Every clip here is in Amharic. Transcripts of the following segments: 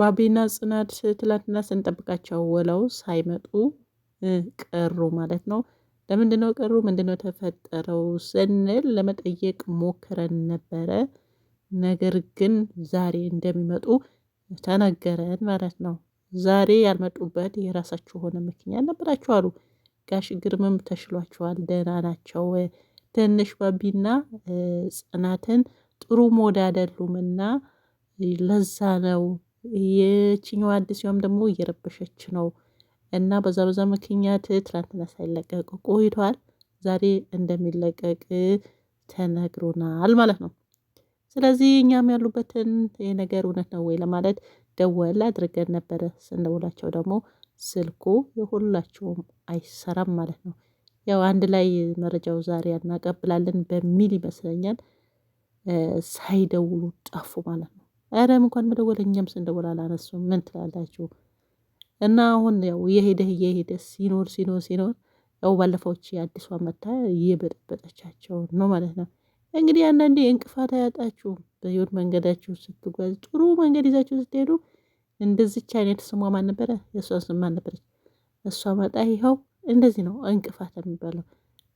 ባቢና ጽናት ትላንትና ስንጠብቃቸው ውለው ሳይመጡ ቀሩ ማለት ነው። ለምንድነው ቀሩ? ምንድነው ተፈጠረው ስንል ለመጠየቅ ሞክረን ነበረ። ነገር ግን ዛሬ እንደሚመጡ ተነገረን ማለት ነው። ዛሬ ያልመጡበት የራሳቸው የሆነ ምክንያት ነበራችሁ አሉ። ጋሽ ግርምም ተሽሏቸዋል፣ ደህና ናቸው። ትንሽ ባቢና ጽናትን ጥሩ ሞድ አይደሉምና ለዛ ነው አዲስ አዲስም ደግሞ እየረበሸች ነው እና በዛ በዛ ምክንያት ትላንትና ሳይለቀቅ ቆይቷል። ዛሬ እንደሚለቀቅ ተነግሮናል ማለት ነው። ስለዚህ እኛም ያሉበትን ይህ ነገር እውነት ነው ወይ ለማለት ደወል አድርገን ነበረ። ስንደውላቸው ደግሞ ስልኩ የሁላቸውም አይሰራም ማለት ነው። ያው አንድ ላይ መረጃው ዛሬ እናቀብላለን በሚል ይመስለኛል ሳይደውሉ ጠፉ ማለት ነው አዳም እንኳን መደወል እኛም ስንደወል አላነሱም። ምን ትላላችሁ? እና አሁን ያው የሄደ እየሄደ ሲኖር ሲኖር ሲኖር ያው ባለፈዎች አዲሷ መታ እየበጠበጠቻቸው ነው ማለት ነው። እንግዲህ አንዳንዴ እንቅፋት አያጣችሁም። በህይወት መንገዳችሁ ስትጓዝ ጥሩ መንገድ ይዛችሁ ስትሄዱ እንደዚች አይነት ስሟ ማን ነበረ? የእሷ ስም ማን ነበረች? እሷ መጣ። ይኸው እንደዚህ ነው እንቅፋት የሚባለው።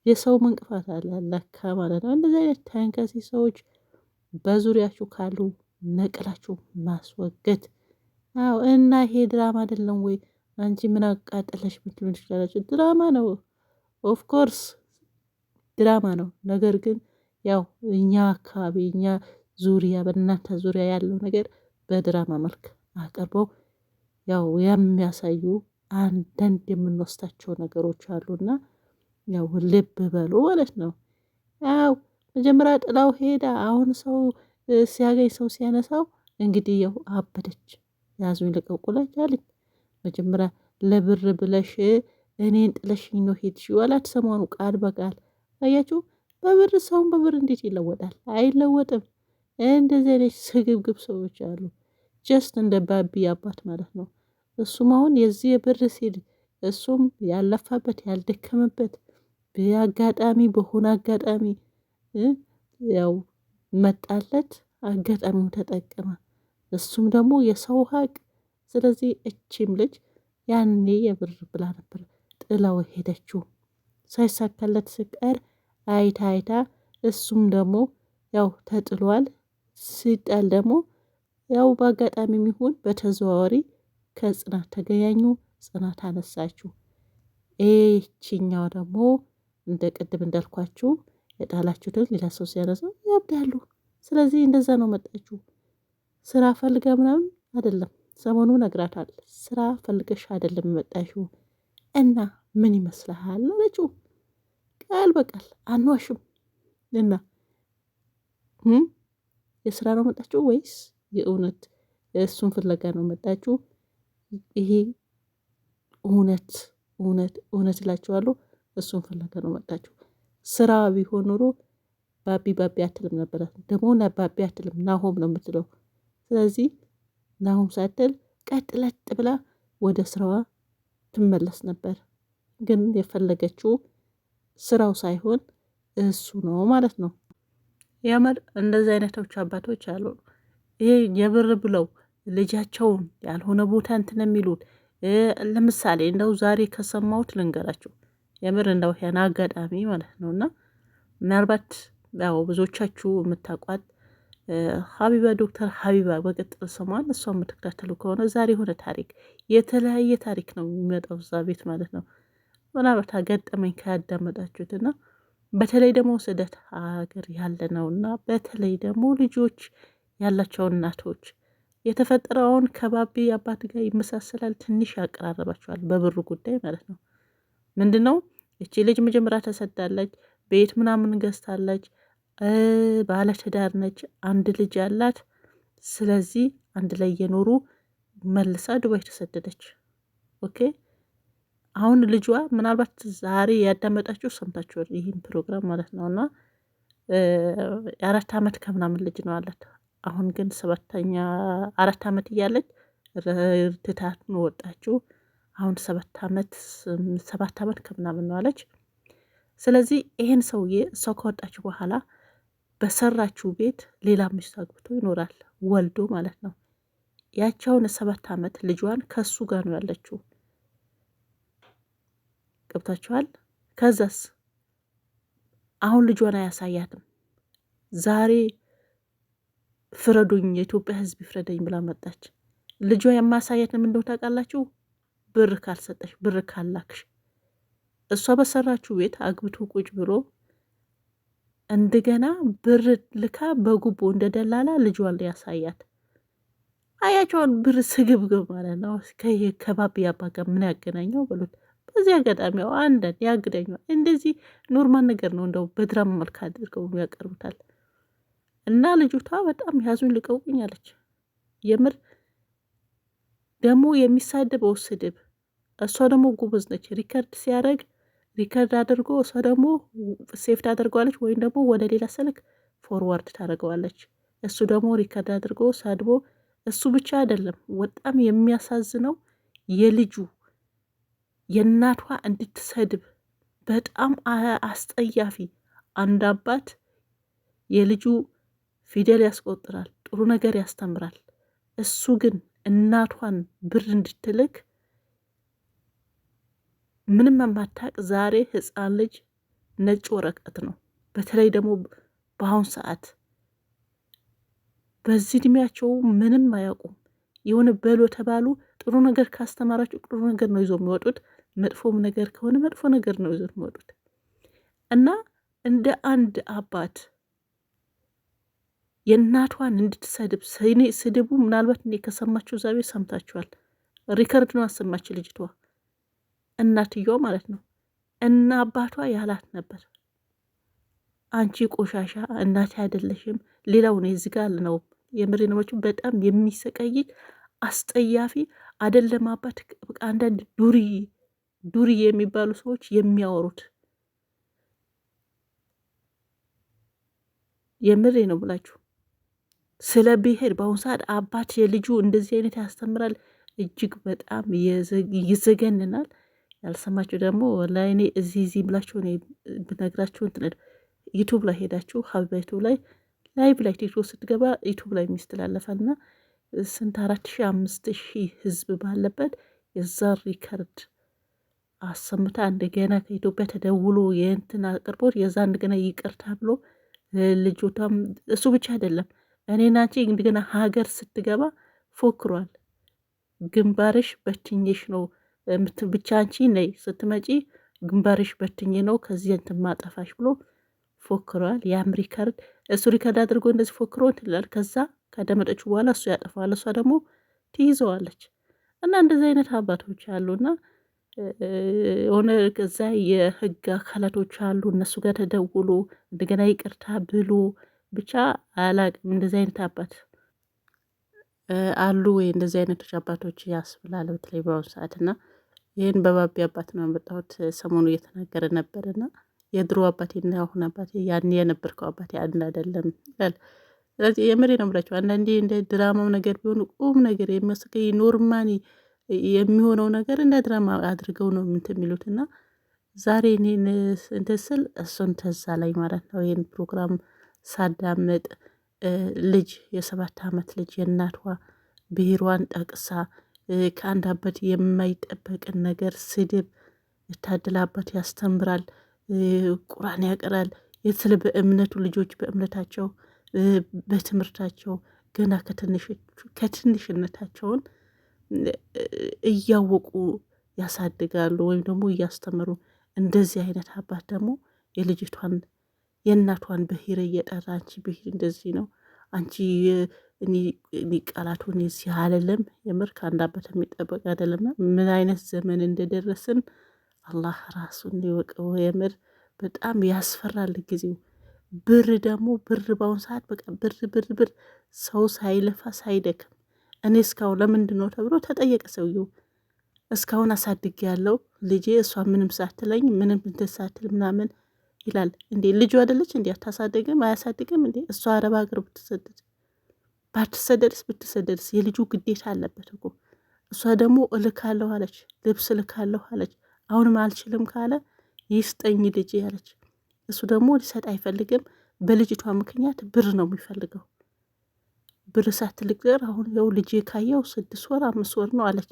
የሰውም እንቅፋት አለ ለካ ማለት ነው። እንደዚህ አይነት ተንከሲ ሰዎች በዙሪያችሁ ካሉ ነቅላችሁ ማስወገድ። አዎ እና ይሄ ድራማ አይደለም ወይ? አንቺ ምን አቃጠለሽ ብትሉ ትችላላችሁ። ድራማ ነው ኦፍኮርስ ድራማ ነው። ነገር ግን ያው እኛ አካባቢ እኛ ዙሪያ በእናንተ ዙሪያ ያለው ነገር በድራማ መልክ አቅርበው ያው የሚያሳዩ አንዳንድ የምንወስዳቸው ነገሮች አሉና ያው ልብ በሉ ማለት ነው። ያው መጀመሪያ ጥላው ሄዳ አሁን ሰው ሲያገኝ ሰው ሲያነሳው እንግዲህ ያው አበደች። ያዙኝ ልቀቁላች አለች። መጀመሪያ ለብር ብለሽ እኔን ጥለሽኝ ነው ሄድሽው አላት። ሰሞኑ ቃል በቃል አያችሁ። በብር ሰውን በብር እንዴት ይለወጣል? አይለወጥም። እንደዚህ አይነት ስግብግብ ሰዎች አሉ። ጀስት እንደ ባቢ አባት ማለት ነው። እሱም አሁን የዚህ ብር ሲል እሱም ያለፋበት ያልደከመበት በአጋጣሚ በሆነ አጋጣሚ ያው መጣለት፣ አጋጣሚው ተጠቀመ። እሱም ደግሞ የሰው ሀቅ። ስለዚህ እቺም ልጅ ያኔ የብር ብላ ነበር ጥላው ሄደችው። ሳይሳካለት ስቀር አይታ አይታ እሱም ደግሞ ያው ተጥሏል። ሲጣል ደግሞ ያው በአጋጣሚ የሚሆን በተዘዋዋሪ ከጽናት ተገያኙ። ጽናት አነሳችሁ። ይችኛዋ ደግሞ እንደ ቅድም እንዳልኳችሁ የጣላችሁትን ሌላ ሰው ሲያነሳው ያብዳሉ። ስለዚህ እንደዛ ነው መጣችሁ ስራ ፈልገ ምናምን አይደለም። ሰሞኑ ነግራታል። ስራ ፈልገሽ አይደለም መጣችሁ እና ምን ይመስልሃል አለችው። ቃል በቃል አንዋሽም እና የስራ ነው መጣችሁ ወይስ የእውነት እሱን ፍለጋ ነው መጣችሁ? ይሄ እውነት እውነት እውነት እላችኋለሁ፣ እሱን ፍለጋ ነው መጣችሁ። ስራ ቢሆን ኖሮ ባቢ ባቢ አትልም ነበረ። ደግሞ ባቢ አትልም ናሆም ነው የምትለው። ስለዚህ ናሆም ሳትል ቀጥ ለጥ ብላ ወደ ስራዋ ትመለስ ነበር። ግን የፈለገችው ስራው ሳይሆን እሱ ነው ማለት ነው። የምር እንደዚህ አይነቶች አባቶች አሉ። ይሄ የብር ብለው ልጃቸውን ያልሆነ ቦታ እንትን የሚሉት ለምሳሌ እንደው ዛሬ ከሰማሁት ልንገራቸው። የምር እንደው ያን አጋጣሚ ማለት ነው እና ምናልባት ያው ብዙዎቻችሁ የምታውቋት ሀቢባ ዶክተር ሀቢባ በቅጥል ስሟን እሷ የምትከታተሉ ከሆነ ዛሬ የሆነ ታሪክ የተለያየ ታሪክ ነው የሚመጣው እዛ ቤት ማለት ነው። ምናልባት አጋጠመኝ ካያዳመጣችሁት እና በተለይ ደግሞ ስደት ሀገር ያለ ነው እና በተለይ ደግሞ ልጆች ያላቸው እናቶች የተፈጠረውን ከባቢ አባት ጋር ይመሳሰላል። ትንሽ ያቀራረባቸዋል በብሩ ጉዳይ ማለት ነው ምንድን ነው እቺ ልጅ መጀመሪያ ተሰዳለች፣ ቤት ምናምን ገዝታለች፣ ባለ ትዳር ነች፣ አንድ ልጅ ያላት። ስለዚህ አንድ ላይ የኖሩ መልሳ ዱባይ ተሰደደች። ኦኬ አሁን ልጇ ምናልባት ዛሬ ያዳመጣችሁ ሰምታችኋል፣ ይህን ፕሮግራም ማለት ነው። እና የአራት ዓመት ከምናምን ልጅ ነው አላት። አሁን ግን ሰባተኛ አራት ዓመት እያለች ትታትን ወጣችሁ አሁን ሰባት ዓመት ሰባት ዓመት ከምናምን ነው አለች። ስለዚህ ይሄን ሰውዬ እሷ ከወጣች በኋላ በሰራችው ቤት ሌላ ሚስት አግብቶ ይኖራል ወልዶ ማለት ነው። ያቸውን ሰባት ዓመት ልጇን ከሱ ጋር ነው ያለችው። ገብታችኋል? ከዛስ አሁን ልጇን አያሳያትም። ዛሬ ፍረዱኝ፣ የኢትዮጵያ ሕዝብ ይፍረደኝ ብላ መጣች። ልጇ የማያሳያት ምን ታውቃላችሁ? ብር ካልሰጠሽ ብር ካላክሽ እሷ በሰራችው ቤት አግብቶ ቁጭ ብሎ እንደገና ብር ልካ በጉቦ እንደ ደላላ ልጇን ያሳያት አያቸውን ብር ስግብግብ ማለት ነው። ከባቢ አባ ጋር ምን ያገናኘው ብሎት በዚህ አጋጣሚ አንደን አንዳንድ እንደዚህ ኖርማል ነገር ነው። እንደው በድራማ መልክ አድርገው ያቀርቡታል። እና ልጅቷ በጣም ያዙን ልቀውኝ አለች። የምር ደግሞ የሚሳደበው ስድብ እሷ ደግሞ ጉብዝ ነች። ሪከርድ ሲያደርግ ሪከርድ አድርጎ እሷ ደግሞ ሴፍ ታደርገዋለች፣ ወይም ደግሞ ወደ ሌላ ስልክ ፎርዋርድ ታደርገዋለች። እሱ ደግሞ ሪከርድ አድርጎ ሰድቦ እሱ ብቻ አይደለም። በጣም የሚያሳዝነው የልጁ የእናቷ እንድትሰድብ በጣም አስጠያፊ አንድ አባት የልጁ ፊደል ያስቆጥራል፣ ጥሩ ነገር ያስተምራል። እሱ ግን እናቷን ብር እንድትልክ ምንም የማታቅ ዛሬ ህፃን ልጅ ነጭ ወረቀት ነው። በተለይ ደግሞ በአሁኑ ሰዓት በዚህ እድሜያቸው ምንም አያውቁም። የሆነ በሎ ተባሉ። ጥሩ ነገር ካስተማራቸው ጥሩ ነገር ነው ይዞ የሚወጡት፣ መጥፎም ነገር ከሆነ መጥፎ ነገር ነው ይዞ የሚወጡት እና እንደ አንድ አባት የእናቷን እንድትሰድብ ስድቡ ምናልባት እኔ ከሰማችሁ ዛቤ ሰምታችኋል። ሪከርድ ነው አሰማች ልጅቷ። እናትየው ማለት ነው እና አባቷ ያላት ነበር። አንቺ ቆሻሻ እናቴ አይደለሽም። ነው እዚህ ጋር ነው የምሬ በጣም የሚሰቀይ አስጠያፊ አይደለም። አባት አንዳንድ ዱሪ ዱሪ የሚባሉ ሰዎች የሚያወሩት የምሬ ነው ብላችሁ ስለ ብሄር በአሁኑ ሰዓት አባት የልጁ እንደዚህ አይነት ያስተምራል። እጅግ በጣም ይዘገንናል። ያልሰማችሁ ደግሞ ላይኔ እኔ እዚህ እዚህ ብላችሁ እኔ ብነግራችሁ እንትነድ ዩቱብ ላይ ሄዳችሁ ሀቢባ ዩቱብ ላይ ላይቭ ላይ ቴክቶክ ስትገባ ዩቱብ ላይ የሚስተላለፋል እና ስንት አራት ሺህ አምስት ሺህ ህዝብ ባለበት የዛ ሪከርድ አሰምታ እንደገና ከኢትዮጵያ ተደውሎ የእንትን አቅርቦት የዛ እንደገና ይቅርታ ብሎ ልጆቷም እሱ ብቻ አይደለም እኔና አንቺ እንደገና ሀገር ስትገባ ፎክሯል። ግንባርሽ በትኜሽ ነው ብቻ አንቺ ነይ ስትመጪ ግንባርሽ በትኝ ነው ከዚህ እንትን ማጠፋሽ ብሎ ፎክረዋል። ያም ሪከርድ እሱ ሪከርድ አድርጎ እንደዚህ ፎክሮ ትላል። ከዛ ከደመጠች በኋላ እሱ ያጠፋዋል፣ እሷ ደግሞ ትይዘዋለች። እና እንደዚህ አይነት አባቶች አሉና የሆነ ከዛ የህግ አካላቶች አሉ። እነሱ ጋር ተደውሎ እንደገና ይቅርታ ብሎ ብቻ አላቅም። እንደዚህ አይነት አባት አሉ ወይ እንደዚህ አይነቶች አባቶች ያስብላል፣ በተለይ በአሁኑ ሰዓት እና ይህን በባቢ አባት ነው ያመጣሁት። ሰሞኑ እየተናገረ ነበር ነበርና የድሮ አባቴና አሁን አባቴ ያን የነበርከው አባቴ አንድ አይደለም ይላል። ስለዚህ የምሬ ነው ብላቸው አንዳንዴ እንደ ድራማው ነገር ቢሆን ቁም ነገር የሚያስቀ ኖርማኒ የሚሆነው ነገር እንደ ድራማ አድርገው ነው ምንት የሚሉት እና ዛሬ እኔን እንትን ስል እሱን ተዛ ላይ ማለት ነው ይህን ፕሮግራም ሳዳመጥ ልጅ የሰባት ዓመት ልጅ የእናቷ ብሔሯን ጠቅሳ ከአንድ አባት የማይጠበቅን ነገር ስድብ፣ የታደለ አባት ያስተምራል፣ ቁርአን ያቀራል። ስለ በእምነቱ ልጆች በእምነታቸው በትምህርታቸው ገና ከትንሽነታቸውን እያወቁ ያሳድጋሉ ወይም ደግሞ እያስተምሩ። እንደዚህ አይነት አባት ደግሞ የልጅቷን የእናቷን ብሄር እየጠራ አንቺ ብሄር እንደዚህ ነው አንቺ እኔ ቃላቱ እኔ እዚህ አይደለም የምር ከአንድ አባት የሚጠበቅ አይደለም። ምን አይነት ዘመን እንደደረስን አላህ ራሱን ይወቀው። የምር በጣም ያስፈራል ጊዜው። ብር ደግሞ ብር በአሁኑ ሰዓት በቃ ብር ብር ብር፣ ሰው ሳይለፋ ሳይደክም እኔ እስካሁን ለምንድን ነው ተብሎ ተጠየቀ ሰውየው። እስካሁን አሳድግ ያለው ልጄ እሷ ምንም ሳትለኝ ምንም እንትን ሳትል ምናምን ይላል እንዴ! ልጁ አደለች እንዲ አታሳደግም አያሳድግም እንዴ? እሷ አረብ ሀገር ብትሰደድ ባትሰደድስ ብትሰደድስ የልጁ ግዴታ አለበት እኮ። እሷ ደግሞ እልካለሁ አለች፣ ልብስ እልካለሁ አለች። አሁንም አልችልም ካለ ይስጠኝ ልጅ ያለች እሱ ደግሞ ሊሰጥ አይፈልግም። በልጅቷ ምክንያት ብር ነው የሚፈልገው። ብር ሳትልቅ ዘር አሁን ያው ልጅ ካየው ስድስት ወር አምስት ወር ነው አለች።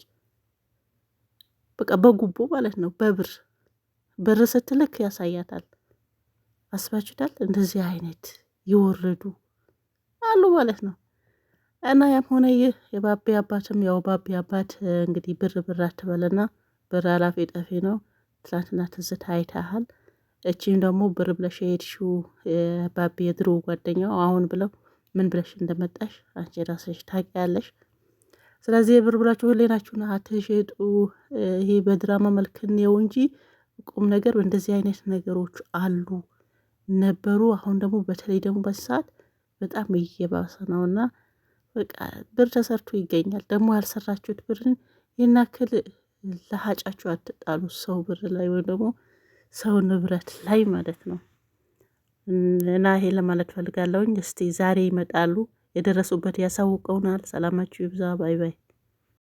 በቃ በጉቦ ማለት ነው በብር ብር ስትልክ ያሳያታል። አስባችሁታል? እንደዚህ አይነት ይወረዱ አሉ ማለት ነው። እና ያም ሆነ ይህ የባቤ አባትም ያው ባቤ አባት እንግዲህ ብር ብር አትበልና ብር አላፊ ጠፊ ነው። ትላንትና ትዝታ አይታሃል። እቺም ደግሞ ብር ብለሽ የሄድሽው ባቤ የድሮ ጓደኛው አሁን ብለው ምን ብለሽ እንደመጣሽ አንቺ ራስሽ ታውቂያለሽ። ስለዚህ የብር ብላችሁ ህሌናችሁን አትሸጡ። ይሄ በድራማ መልክ እንየው እንጂ ቁም ነገር እንደዚህ አይነት ነገሮች አሉ ነበሩ። አሁን ደግሞ በተለይ ደግሞ በሰዓት በጣም እየባሰ ነውና በቃ ብር ተሰርቶ ይገኛል። ደግሞ ያልሰራችሁት ብርን ይናክል ለሀጫችሁ አትጣሉ። ሰው ብር ላይ ወይም ደግሞ ሰው ንብረት ላይ ማለት ነው። እና ይሄ ለማለት ፈልጋለሁኝ። እስቲ ዛሬ ይመጣሉ የደረሱበት ያሳውቀውናል። ሰላማችሁ ይብዛ። ባይ ባይ።